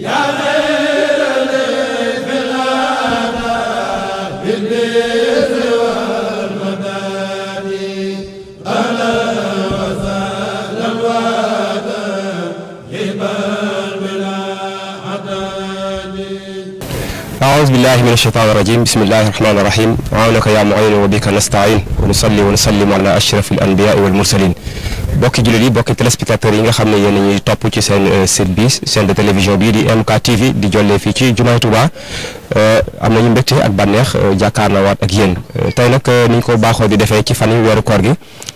أعوذ بالله من الشيطان الرجيم بسم الله الرحمن الرحيم وعونك يا معين وبك نستعين ونصلي ونسلم على أشرف الأنبياء والمرسلين bokki jullit yi bokki téléspectateurs yi nga xam ne yéen a ñuy topp ci seen euh, site bi chaîne de télévision bi di MK TV di jollee fii ci Jumaay Touba euh, am nañu mbégte ak bànneex euh, jàkkaarloo waat ak yéen tey nag ni ko baaxoo di defee ci fan yi weeru gi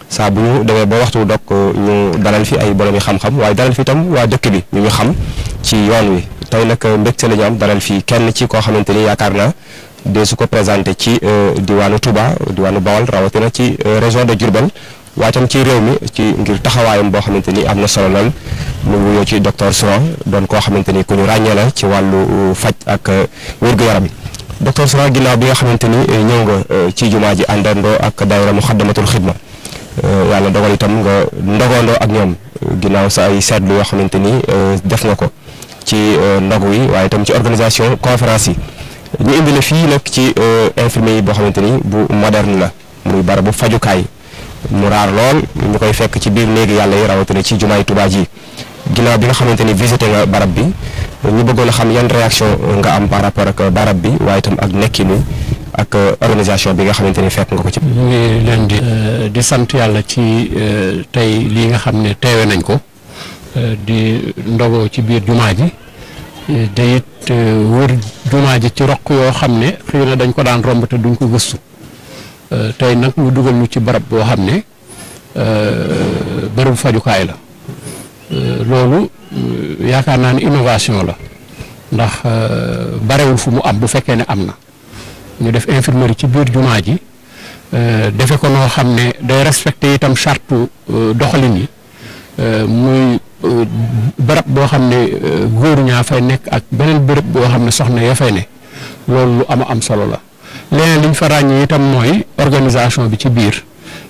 saa bu ñu demee ba waxtu dog ñu dalal fi ay borom yi xam-xam waaye dalal fi tam waa dëkk bi ñu ñu xam ci yoon wi tey nag mbégte la ñu am dalal fii kenn ci koo xamante ni yaakaar naa de su ko présenté ci diwaanu Touba diwaanu Bawol rawatina ci région de Diourbel waaye tam ci réew mi ci ngir taxawaayam boo xamante ni am na solo lool mu ci docteur Souran doon koo xamante ni ku ñu ràññee la ci wàllu uh, faj ak uh, wér-gu-yaram docteur Souran ginnaaw bi nga xamante ni uh, ñëw nga ci jumaa ji àndandoo ak daayira Muxaddamatul Xidma yàlla dogal itam nga ndogandoo ak ñoom ginnaaw sa ay seetlu yoo xamante ni def nga ko ci ndogu yi waaye itam ci organisation conférence yi ñu indi la fii nekk ci infirmier yi boo xamante ni bu moderne la muy barabu fajukaay. mu lool ñu koy fekk ci biir néegi yàlla yi rawatina ci jumaay Tuubaa yi ginnaaw bi nga xamante ni visité nga barab bi ñu bëggoon xam yan nga am par rapport ak barab bi waaye itam ak nekkinu ak euh, organisation bi nga xamante ni fekk nga ko ci. ñu ngi leen di euh, sant yàlla ci euh, tey lii nga xam ne teewe nañ ko di ndogoo ci biir jumaa ji te it jumaa ji ci roq yoo xam ne xëy na dañ ko daan romb te duñ ko gëstu. Euh, tey nag dugal ñu ci barab boo xam ne euh, barabu fajukaay la euh, loolu yaakaar naa ne innovation la ndax barewul fu mu am bu fekkee ne am na ñu def infirmerie ci biir jumaa ji defe ko noo xam ne day respecté itam charte doxalin yi muy bërëb boo xam ne góor ñaa fay nekk ak beneen bërëb boo xam ne soxna ya fay ne loolu lu am am solo la leneen li ñu fa ràññee itam mooy organisation bi ci biir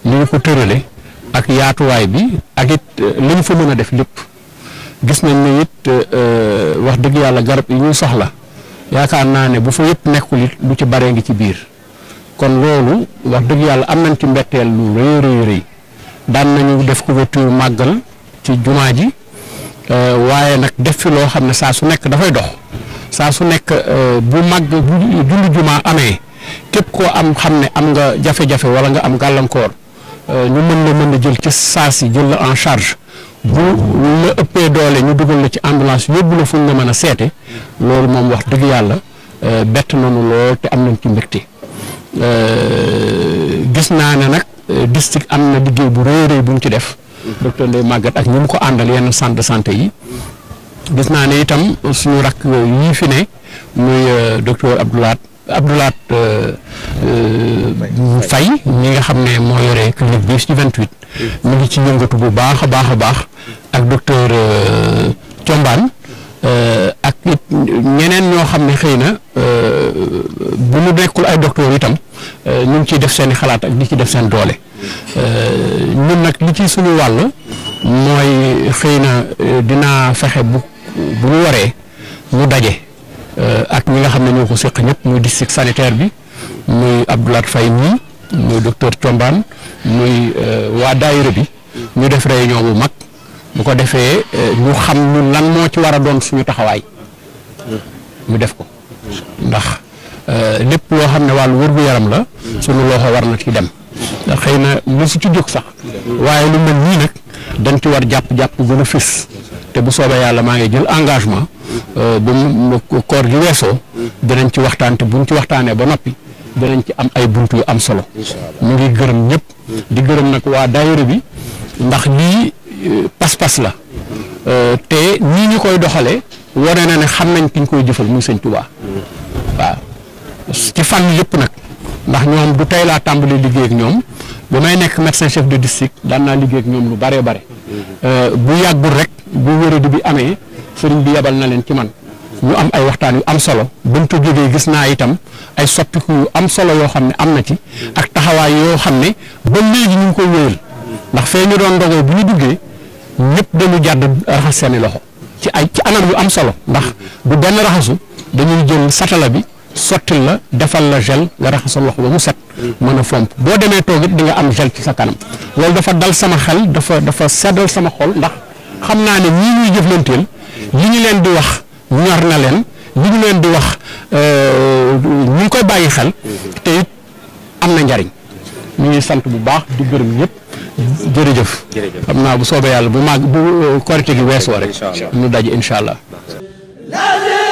ni ñu ko tërale ak yaatuwaay bi ak it euh, li ñu fa mën a def lépp gis nañ ne it euh, euh, wax dëgg yàlla garab yi ñu soxla yaakaar naa ne bu fa yëpp nekkul it lu ci baree ngi ci biir kon loolu wax dëgg yàlla am nañ ci mbetteel lu daan nañu def couverture màggal ci jumaa ji waaye nag def fi loo xam ne saa su nekk dafay dox saa su nekk bu màgg bu jumaa amee képp koo am xam ne am nga jafe-jafe wala nga am gàllankoor euh, ñu mën la mën a jël ci saa si jël la en charge bu la ëppee doole ñu dugal na ci ambulance yóbbu la fu ñu mën a seete loolu moom wax dëgg yàlla euh, bett nañu lool te am nañ ci mbégte euh, gis naa ne nag district am na liggéey bu rëy rëy bu mu ci def. docteur Ndeye Maguette ak ñi mu ko àndal yenn centre de santé yi. gis naa ne itam suñu rakk yii fi ne muy docteur Abdoulaat Abdoulaat. Euh, fay ñi nga xam ne moo yore clinique bi ci 28 mu ngi ci yëngatu bu baax a baax a baax ak docteur euh, Thiombane euh, ak ñeneen ñoo xam ne xëy na bu ñu nekkul ay docteur itam ñu ngi ciy def seen xalaat ak di ci def seen doole ñun nag li ci suñu wàll mooy xëy na dinaa fexe bu bu ñu waree mu daje ak ñi nga xam ne ñoo ko séq ñëpp muy district sanitaire bi muy Abdoulaye Faye ñii muy docteur Thiombane muy euh, waa daayira bi ñu def réunion bu mag bu ko defee euh, ñu xam ñun lan moo ci war a doon suñu taxawaay ñu def ko ndax euh, lépp loo xam ne wàllu wër gu yaram la suñu loxo war na ci dem xëy na lu si ci jóg sax waaye lu mel nii nag dañ ci war jàpp-jàpp gën a fis te bu soobee yàlla maa ngi jël engagement bu mu koor gi weesoo dinañ ci waxtaan te buñ ci waxtaanee ba noppi danañ ci am ay buntu yu am solo mu ngi gërëm ñëpp di gërëm nag waa daayira bi ndax lii euh, pas-pas la euh, te nii ñu koy doxalee wane na ne xam nañ ki ñu koy jëfal muy sëñ Touba waaw ci fànn yëpp nag ndax ñoom du tey laa tàmbali liggéey ak ñoom bu may nekk médecin chef de district daan naa liggéey ak ñoom lu bare bare euh, bu yàggul rek bu wéradi bi amee sëriñ bi yebal na leen ci man ñu am ay waxtaan yu am solo buñ ko jógee gis naa itam ay soppiku yu am solo yoo xam ne am na ci ak taxawaay yoo xam ne ba léegi ñu ngi koy wéyal ndax fee ñu doon ndogoo bu ñu duggee ñëpp dañu jàdd raxas seeni loxo ci ay ci anam yu am solo ndax bu benn raxasu dañuy jël satala bi sottil la defal la gel nga raxasal loxo ba mu set mën a fomp boo demee toog it di am gel ci sa kanam loolu dafa dal sama xel dafa dafa seddal sama xol ndax xam naa ne ñii ñuy jëflanteel ñu leen di wax ñor na leen ñu leen di wax euh, ñu ngi koy bàyyi xel te it am na njariñ mu ngi sant bu baax di gërëm ñëpp jërëjëf xam naa bu soobee yàlla bu maag bu euh, korite gi weesoo rek ñu daje incha allah